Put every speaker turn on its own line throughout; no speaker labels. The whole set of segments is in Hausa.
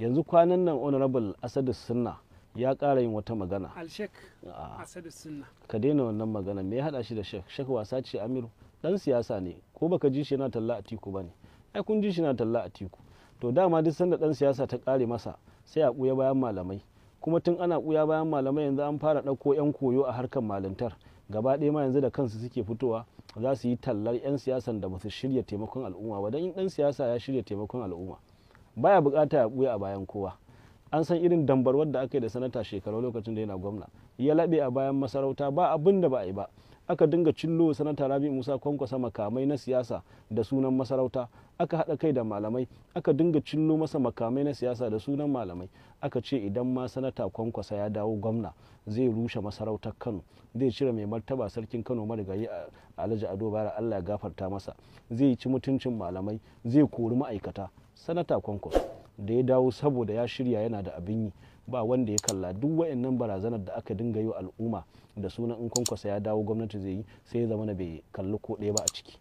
yanzu kwanan nan honorable asadu sunna ya kara yin wata magana alshek asadu sunna ka daina wannan magana me ya hada shi da shek shek wasa ce amiru dan siyasa ne ko baka ji shi yana talla a tiku ba ne ai kun ji shi yana talla a tiku to dama duk sanda dan siyasa ta kare masa sai a kuya bayan malamai kuma tun ana ƙuya bayan malamai yanzu an fara ɗauko 'yan koyo a harkar malintar gaba ɗaya ma yanzu da kansu suke fitowa za su yi tallar 'yan siyasan da ba su shirya taimakon al'umma ba don in ɗan siyasa ya shirya taimakon al'umma baya bukata ya buya a bayan kowa an san irin dambarwar da aka yi da sanata shekaru lokacin da yana gwamna ya laɓe a bayan masarauta ba abin da ba a yi ba aka dinga cillo sanata rabi musa kwankwasa makamai na siyasa da sunan masarauta aka haɗa kai da malamai aka dinga cillo masa makamai na siyasa da sunan malamai aka ce idan ma sanata kwankwasa ya dawo gwamna zai rushe masarautar kano zai cire mai martaba sarkin kano marigayi alhaji ado bara allah ya gafarta masa zai ci mutuncin malamai zai kori ma'aikata sanata kwankwasa da ya dawo saboda ya shirya yana da abin yi ba wanda ya kalla duk wayannan barazanar da aka dinga yi al'umma da sunan in kwankwasa ya dawo gwamnati zai yi sai ya zama na bai kalli ko ɗaya ba a ciki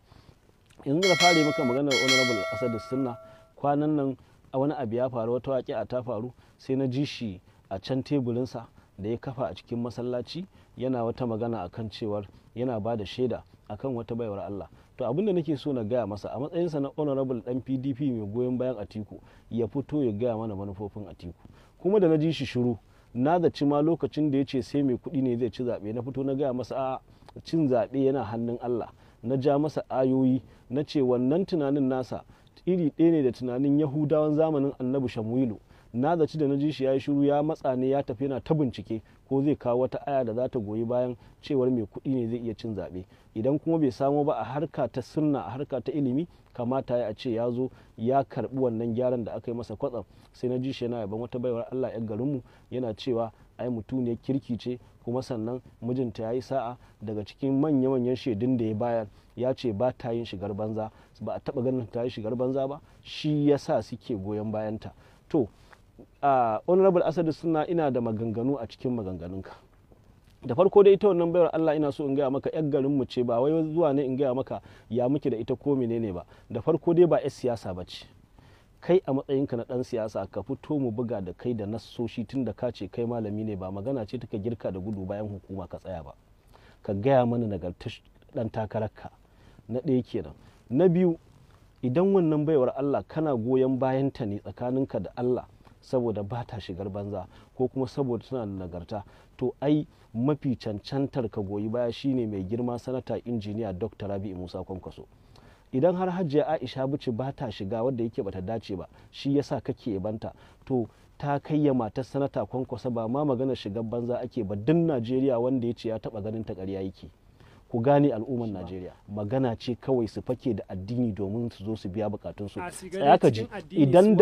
yanzu da fare maka maganar honorable asad sunna kwanan nan a wani abu ya faru wata waƙi a ta faru sai na ji shi a can teburinsa da ya kafa a cikin masallaci yana wata magana akan cewar yana ba da shaida akan wata baiwar Allah to abin da nake so na gaya masa a matsayinsa na honorable dan PDP mai goyon bayan Atiku ya fito ya gaya mana manufofin Atiku kuma da na ji shi shiru na zaci ma lokacin da ya ce sai mai kuɗi ne zai ci zaɓe na fito na gaya masa a cin zaɓe yana hannun Allah na ja masa ayoyi na ce wannan tunanin nasa iri ɗaya ne da tunanin yahudawan zamanin annabi shamuilu na zaci da na ji shi ya yi shiru ya matsa ne ya tafi yana ta bincike ko zai kawo wata aya da za ta goyi bayan cewar mai kuɗi ne zai iya cin zaɓe idan kuma bai samo ba a harka ta sunna a harka ta ilimi kamata ya ce ya zo ya karɓi wannan gyaran da aka yi masa kwatsam sai na ji shi yana yaban wata baiwar Allah yan garinmu yana cewa ai mutuniyar kirki ce kuma sannan mijinta ya yi sa'a daga cikin manya-manyan shaidun da ya bayar ya ce ba ta yin shigar banza ba a taɓa ganin ta yi shigar banza ba shi ya sa suke goyon bayanta to A honorable asadu suna ina da maganganu a cikin maganganunka da farko dai ita wannan bayar Allah ina so in gaya maka yar garin mu ce ba wai zuwa ne in gaya maka ya muke da ita ko menene ba da farko dai ba yar siyasa ba ce kai a matsayinka na dan siyasa ka fito mu buga da kai da nassoshi tun da ka ce kai malami ne ba magana ce take girka da gudu bayan hukuma ka tsaya ba ka gaya mana nagartar dan takararka na ɗaya kenan na biyu idan wannan baiwar Allah kana goyon bayanta ne tsakaninka da Allah saboda ba ta shigar banza ko kuma saboda tana da nagarta to ai mafi cancantar ka goyi baya shine mai girma sanata injiniya dr rabi musa kwankwaso idan har hajjiya aisha bace ba ta shiga wadda yake bata dace ba shi yasa kake banta to ta kayya matar sanata kwankwaso ba ma magana shigar banza ake ba duk najeriya wanda ya ce ya taba ganin ta ƙarya yake ku gane al'ummar najeriya magana ce kawai su fake da addini domin su zo su biya bukatun tsaya ka idan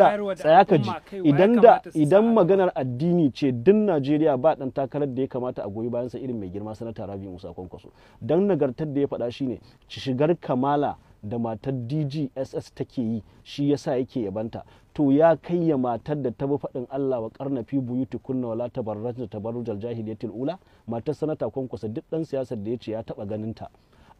idan maganar addini ce din najeriya ba dan takarar da ya kamata a goyi bayan sa irin mai girma sanata rabi musa kwankwaso dan nagartar da ya faɗa shine shigar kamala da matar dgss take yi shi yasa yake yabanta to ya kai ya matar da ta bi faɗin Allah wa karna fi buyuti kunna wala tabarrajna tabarrujal jahiliyatul ula matar sanata kwankwasa duk ɗan siyasar da ya ce ya taɓa ganin ta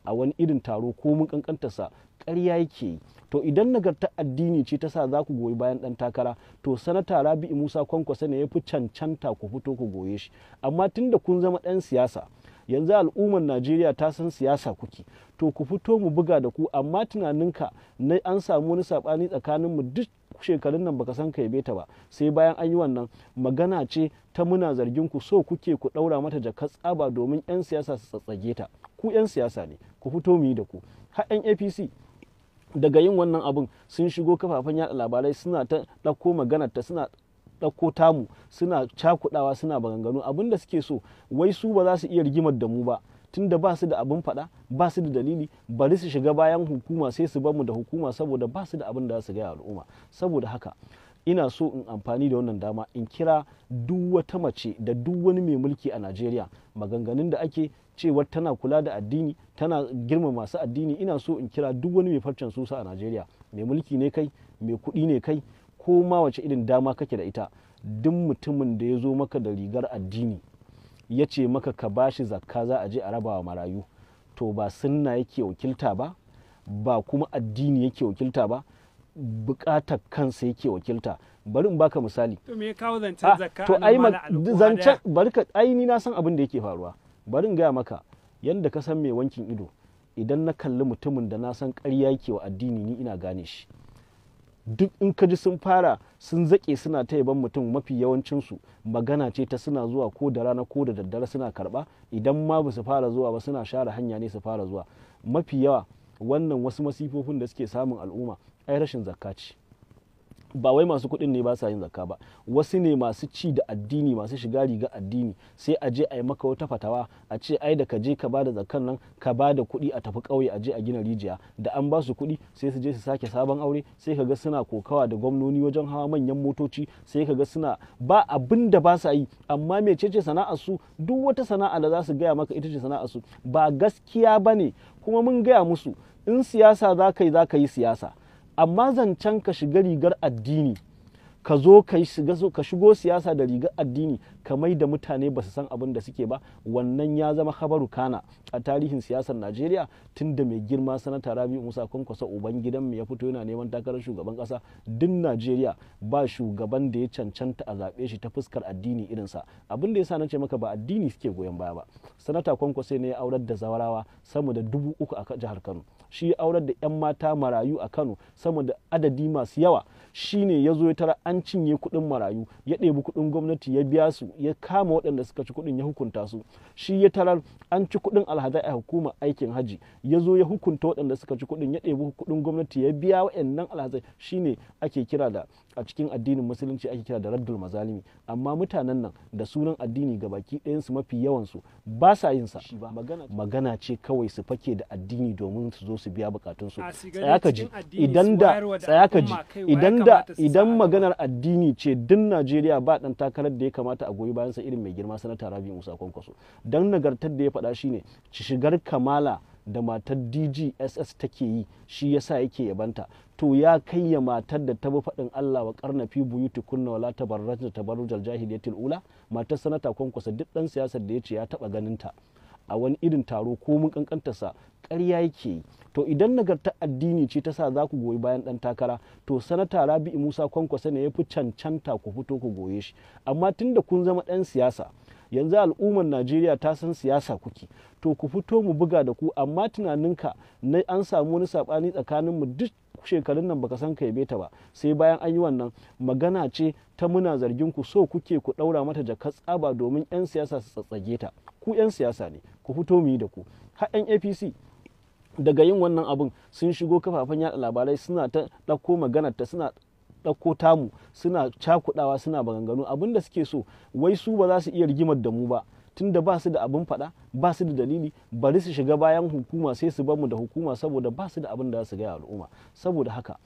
a wani irin taro ko mun kankanta sa ƙarya yake to idan nagartar addini ce ta sa za ku goyi bayan ɗan takara to sanata rabi'u musa kwankwasa ne ya fi cancanta ku fito ku goye shi amma tunda kun zama ɗan siyasa yanzu al'ummar najeriya ta san siyasa kuke to ku fito mu buga da ku amma tunaninka na an samu wani saɓani tsakanin mu duk shekarun nan baka san ka yabe ta ba sai bayan an yi wannan magana ce ta muna zargin ku so kuke ku daura mata jakar tsaba domin yan siyasa su tsatsage ta ku yan siyasa ne ku fito mu yi da ku har yan APC daga yin wannan abun sun shigo kafafen yada labarai suna ta ɗauko magana ta suna ɗauko tamu suna cakudawa suna baganganu abin da suke so wai su ba za su iya rigimar da mu ba tunda ba su da abin faɗa ba su da dalili bari su shiga bayan hukuma sai su bamu da hukuma saboda ba su da abin da za su gaya al'umma saboda haka ina so in amfani da wannan dama in kira duk wata mace da duk wani mai mulki a najeriya maganganun da ake cewa tana kula da addini tana girma masu addini ina so in kira duk wani mai farcen susa a najeriya mai mulki ne kai mai kuɗi ne kai ko ma wace irin dama kake da ita duk mutumin da ya zo maka da rigar addini ya ce maka ka bashi zakka za a je a rabawa marayu to ba sunna yake wakilta ba ba kuma addini yake wakilta ba bukatar kansa yake wakilta bari in baka misali to me kawo ni na san abin da yake faruwa bari in gaya maka yadda ka san mai wankin ido idan na kalli mutumin da na san ƙarya yake wa addini ni ina gane shi duk in ka ji sun fara sun zaƙe suna ta yaban mutum mafi yawancinsu magana ce ta suna zuwa ko da rana ko da daddare suna karba idan ma ba su fara zuwa ba suna share hanya ne su fara zuwa mafi yawa wannan wasu masifofin da suke samun al'umma ai rashin zakka ce ba wai masu kuɗin ne ba sa yin zakka ba wasu ne masu ci da addini masu shiga riga addini sai a je a yi maka wata fatawa a ce ai da ka je ka bada zakkan nan ka ba da kuɗi a tafi ƙauye a je a gina rijiya da an ba su kuɗi sai su je su sake sabon aure sai ka ga suna kokawa da gwamnoni wajen hawa manyan motoci sai ka ga suna ba abin da ba sa yi amma mecece sana'ar su duk wata sana'a da za su gaya maka ita ce sana'ar su ba gaskiya bane kuma mun gaya musu in siyasa za ka yi za ka yi siyasa amma zancen ka shiga rigar addini ka zo ka shigo siyasa da rigar addini ka mai da mutane ba su san abin da suke ba wannan ya zama habaru kana a tarihin siyasar najeriya tun da mai girma sanata rabi musa kwankwasa ubangidan gidan mu ya fito yana neman takarar shugaban kasa duk najeriya ba shugaban da ya cancanta a zaɓe shi ta fuskar addini irinsa abin da ya sa na ce maka ba addini suke goyon baya ba sanata kwankwasa ne ya aurar da zawarawa sama da dubu uku a jihar kano shi aurar da 'yan mata marayu a kano sama da adadi masu yawa shine ya zo ya tara an cinye kuɗin marayu ya ɗebi kuɗin gwamnati ya biya su ya kama waɗanda suka ci kuɗin ya hukunta su shi ya tarar an ci kuɗin alhazai a hukumar aikin hajji ya zo ya hukunta waɗanda suka ci kuɗin ya ɗebi kuɗin gwamnati ya biya waɗannan alhazai shi ne ake kira da a cikin addinin musulunci ake kira da raddul mazalimi amma mutanen nan da sunan addini ga baki ɗayan su mafi yawan su ba sa yin sa magana ce kawai su fake da addini domin su zo su biya bukatun su tsaya ji idan da tsayaka ji idan da idan maganar addini ce din Najeriya ba dan takarar da ya kamata a goyi bayan sa irin mai girma sanata Rabi Musa Kwankwaso dan nagartar da ya faɗa shine shigar kamala da matar dgss take yi shi yasa yake yabanta to ya kai ya matar da ta bi faɗin allah wa ƙarna fi buyuti kunna wala tabarraj da tabarrujal jahiliyatil ula matar sanata kwankwasa duk ɗan siyasar da ya ce ya taɓa ganin ta a wani irin taro ko mun sa ƙarya yake yi to idan nagarta addini ce ta sa za ku goyi bayan ɗan takara to sanata rabi'u musa kwankwasa ne ya fi cancanta ku fito ku goye shi amma tunda kun zama ɗan siyasa yanzu al'ummar najeriya ta san siyasa kuke to ku fito mu buga da ku amma tunaninka na an samu wani saɓani mu duk shekarun nan baka san ka yabe ta ba sai bayan an yi wannan magana ce ta muna zargin ku so kuke ku daura mata jakar tsaba domin yan siyasa su tsatsage ta ku yan siyasa ne ku fito mu yi da ku har yan APC daga yin wannan abun sun shigo kafafen yada labarai suna ta ɗauko maganar ta suna ɗauko tamu suna cakudawa suna maganganu abin da suke so wai su ba za su iya rigimar da mu ba tunda ba su da abin faɗa ba su da dalili bari su shiga bayan hukuma sai su bamu da hukuma saboda ba su da abin da za su gaya al'umma saboda haka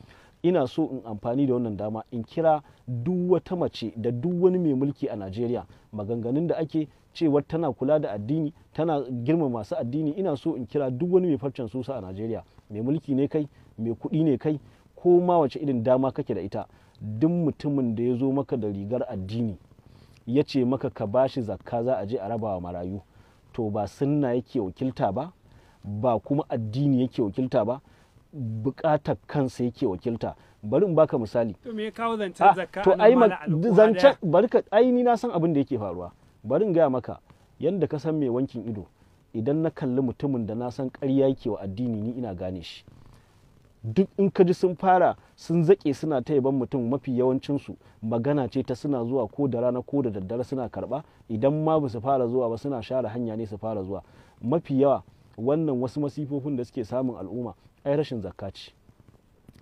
ina so in amfani da wannan dama in kira duk wata mace da duk wani mai mulki a najeriya maganganun da ake cewa tana kula da addini tana girma masu addini ina so in kira duk wani mai farcen susa a najeriya mai mulki ne kai mai kuɗi ne kai ko ma wace irin dama kake da ita duk mutumin da ya zo maka da rigar addini ya ce maka ka bashi zakka za a je a rabawa marayu to ba sunna yake wakilta ba ba kuma addini yake wakilta ba bukatar kansa yake wakilta bari in baka misali to me kawo zancen ah, zakka to ai zancen ai ni na san abin da yake faruwa bari in gaya maka yadda ka san mai wankin ido idan na kalli mutumin da na san ƙarya yake wa addini ni ina gane shi duk in ka ji sun fara sun zaƙe suna ta yaban mutum mafi yawancinsu magana ce ta suna zuwa ko da rana ko da daddare suna karɓa idan ma ba su fara zuwa ba suna share hanya ne su fara zuwa mafi yawa wannan wasu masifofin da suke samun al'umma ai rashin zakka ce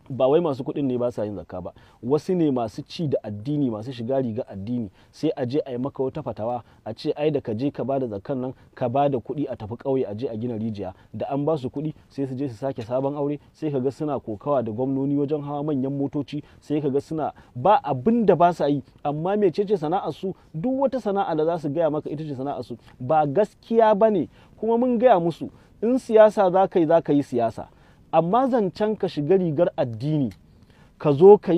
ba wai masu kuɗin ne ba sa yin zakka ba wasu ne masu ci da addini masu shiga riga addini sai a je a yi maka wata fatawa a ce ai da ka je ka bada zakkan nan ka bada kuɗi a tafi ƙauye a je a gina rijiya da an ba su kuɗi sai su je su sake sabon aure sai ka ga suna kokawa da gwamnoni wajen hawa manyan motoci sai ka ga suna ba abin da ba sa yi amma mecece sana'ar su duk wata sana'a da za su gaya maka ita ce sana'ar su ba gaskiya bane kuma mun gaya musu in siyasa za ka yi za ka yi siyasa amma zancen ka shiga rigar addini ka zo ka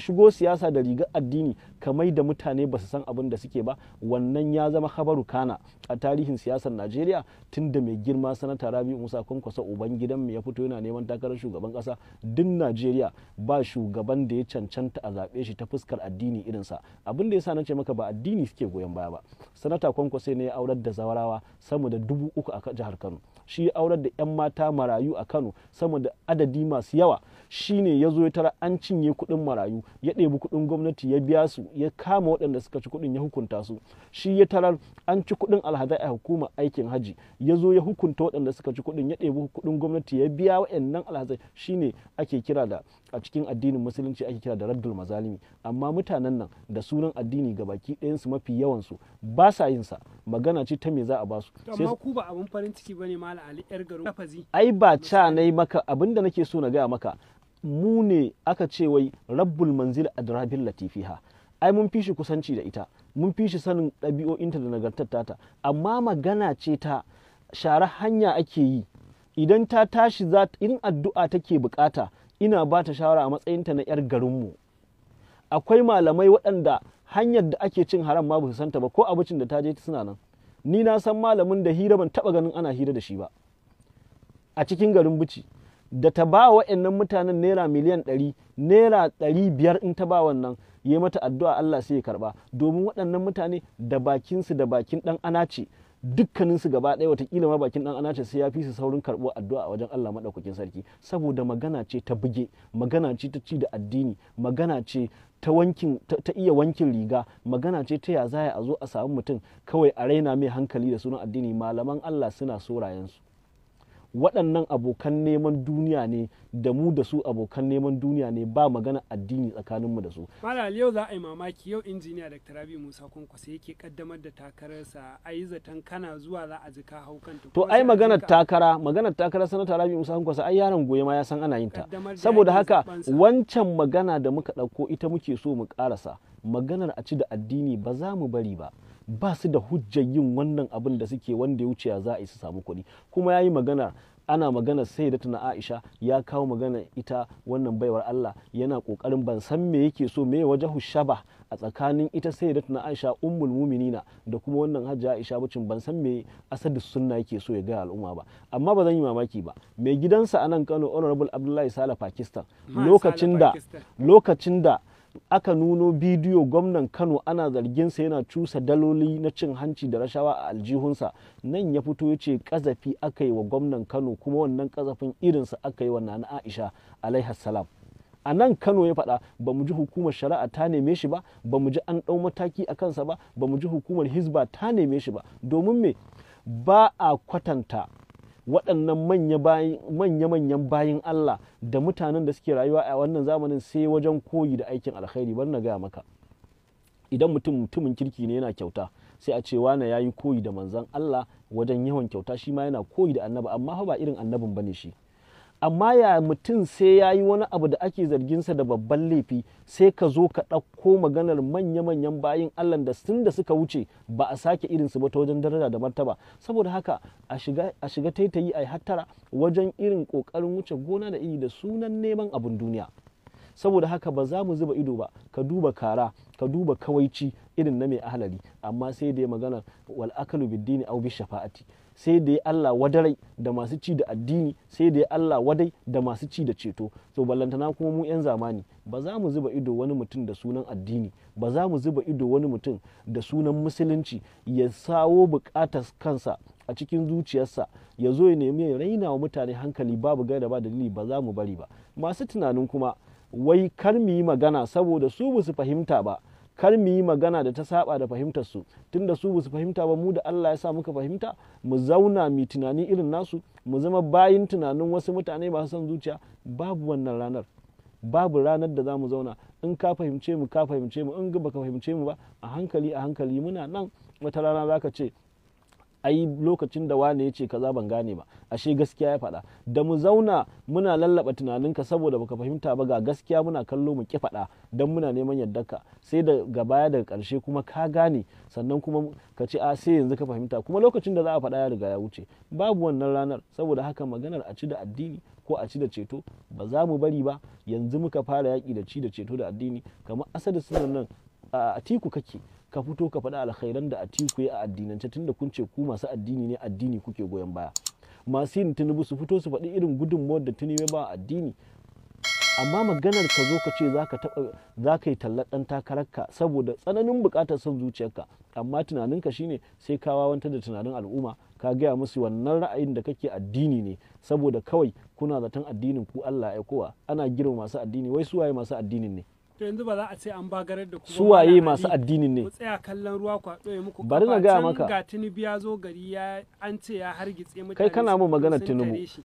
shigo siyasa da rigar addini kamai da mutane ba su san abin da suke ba wannan ya zama habaru kana a tarihin siyasar najeriya tun da mai girma sanata rabi musa kwankwasa ubangidan gidan ya fito yana neman takarar shugaban kasa duk najeriya ba shugaban da ya cancanta a zaɓe shi ta fuskar addini irinsa abin da ya sa na ce maka ba addini suke goyon baya ba sanata kwankwasa ne ya aurar da zawarawa sama da dubu uku a jihar kano shi ya aurar da 'yan mata marayu a kano sama da adadi masu yawa shine ya zo ya tara an cinye kuɗin marayu ya ɗebi kuɗin gwamnati ya biya su ya kama waɗanda suka ci kuɗin ya hukunta su shi ya tarar an ci kuɗin alhazai a hukuma aikin haji ya zo ya hukunta waɗanda suka ci kuɗin ya ɗebi kuɗin gwamnati ya biya waɗannan alhazai ne ake kira da a cikin addinin musulunci ake kira da raddul mazalimi amma mutanen nan da sunan addini ga baki ɗayansu mafi yawansu ba sa yin sa magana ce ta me za a ba su amma ku ba abun farin ciki bane mala ali yar garo ai ba ca nayi maka abinda nake so na gaya maka mu ne aka ce wai rabbul manzil adrabil latifiha ai mun fi kusanci da ita mun fishi sanin ɗabi'o'inta da nagartar ta amma magana ce ta share hanya ake yi idan ta tashi za in addu'a take bukata ina ba ta shawara a matsayinta na 'yar garinmu akwai malamai waɗanda hanyar da ake cin haram ma ba su santa ba ko abincin da ta je suna nan ni na san malamin da hira ban taɓa ganin ana hira da shi ba a cikin garin bici da ta ba wa waɗannan mutanen naira miliyan ɗari naira ɗari biyar in ta ba wannan ya mata addu'a Allah sai ya karɓa. domin waɗannan mutane da bakinsu da bakin ɗan ana dukkanin dukkaninsu gaba ɗaya watakila ma bakin ɗan ana ce, sai ya fi su saurin karɓo addu'a a wajen Allah maɗaukakin sarki saboda magana ce ta buge magana ce ta ci da addini magana ce ta ta iya wankin riga magana ce ta ya zaya a zo a samu mutum kawai a raina mai hankali da sunan addini malaman Allah suna sorayensu waɗannan abokan neman duniya ne da mu da su abokan neman duniya ne ba magana addini tsakaninmu da su. Malal yau za a yi mamaki yau injiniya Dr. Rabi Musa Kwankwasa yake kaddamar da takararsa a yi zaton kana zuwa za a jika haukan To ai maganar takara maganar takara sanata Rabi Musa Kwankwasa ai yaron goye ma ya san ana yin ta. Saboda haka wancan magana da muka ɗauko ita muke so mu ƙarasa. maganar a ci da addini ba za mu bari ba ba su da hujjar yin wannan abin da suke wanda ya wuce za a yi su samu kuɗi kuma ya yi magana, ana magana sai da tuna aisha ya kawo magana ita wannan baiwar allah yana kokarin ban san me yake so me waje shaba a tsakanin ita sai da tuna aisha ummul muminina da kuma wannan hajji aisha bacin ban san me asadu sunna yake so ya gaya al'umma ba amma ba zan yi mamaki ba mai gidansa a nan kano honorable abdullahi sala pakistan lokacin da lokacin da aka nuno bidiyo gwamnan kano ana zarginsa yana cusa daloli na cin hanci da rashawa a aljihunsa nan ya fito ya ce kazafi aka yi wa gwamnan kano kuma wannan kazafin irinsa aka yi wa nana aisha alaihi salam a nan kano ya faɗa ba mu ji hukumar shari'a ta neme shi ba ba mu ji an ɗau mataki a kansa ba ba mu ji hukumar hizba ta neme shi ba domin me ba a kwatanta waɗannan manya-manyan bayan Allah da mutanen da suke rayuwa a wannan zamanin sai wajen koyi da aikin alkhairi bar na gaya maka idan mutum mutumin kirki ne yana kyauta sai a cewa na ya yi koyi da manzan Allah wajen yawan kyauta shi ma yana koyi da annabi amma ba irin annabin ba ne shi amma ya mutum sai ya yi wani abu da ake zarginsa da babban laifi sai ka zo ka ɗauko maganar manya-manyan bayin allah da sun da suka wuce ba a sake irinsu ba ta wajen daraja da martaba saboda haka a shiga taitayi a yi hattara wajen irin ƙoƙarin wuce gona da iri da sunan neman abin duniya saboda haka ba za mu zuba ido ba ka duba kara ka duba kawaici irin na mai ahalari amma sai da ya magana wal akalu biddini au bi shafa'ati sai da ya Allah wadarai da masu ci da addini sai da ya Allah wadai da masu ci da ceto to ballantana kuma mu yan zamani ba za mu zuba ido wani mutum da sunan addini ba za mu zuba ido wani mutum da sunan musulunci ya sawo bukatar kansa a cikin zuciyarsa ya zo ya nemi ya raina wa mutane hankali babu gaida ba dalili ba za mu bari ba masu tunanin kuma wai kar mu yi magana saboda su ba su fahimta ba kar mu yi magana da ta saba da fahimtar su tunda su ba su fahimta ba mu da Allah ya sa muka fahimta mu zauna mu tunani irin nasu mu zama bayin tunanin wasu mutane masu san zuciya babu wannan ranar babu ranar da za mu zauna in ka fahimce mu ka fahimce mu in ba ka fahimce mu ba a hankali a hankali muna nan wata rana za ka ce ai lokacin da wane ya ce ka ban gane ba ashe gaskiya ya faɗa da mu zauna muna lallaba tunaninka saboda baka fahimta ba ga gaskiya muna kallo mu ki faɗa don muna neman ka sai da gabaya daga ƙarshe kuma ka gane sannan kuma ka ce a sai yanzu ka fahimta kuma lokacin da za a faɗa ya riga ya wuce babu wannan ranar saboda haka maganar a ci da addini ko a ci da ceto ba za mu bari ba yanzu muka fara yaƙi da ci da ceto da addini kamar asali sunan nan a tiku kake ka fito ka faɗi alkhairan da atiku ya a addinance tunda kun ce ku masu addini ne addini kuke goyon baya masu yin tunubu su fito su faɗi irin gudunmuwar da tinubu ba addini amma maganar ka zo ka ce za ka yi tallar ɗan takararka saboda tsananin buƙatar son zuciyarka amma tunaninka shine sai ka wawanta da tunanin al'umma ka gaya musu wannan ra'ayin da kake addini ne saboda kawai kuna zaton addinin ku Allah ya kowa ana girma masu addini wai su waye masu addinin ne to yanzu ba za a ce an bagarar da kuma suwaye masu addinin ne tsaya kallon ruwa kwaɗo ya muku bari na gaya maka ga tinubu ya zo gari ya an ce ya hargitse mutane kai kana mu magana tinubu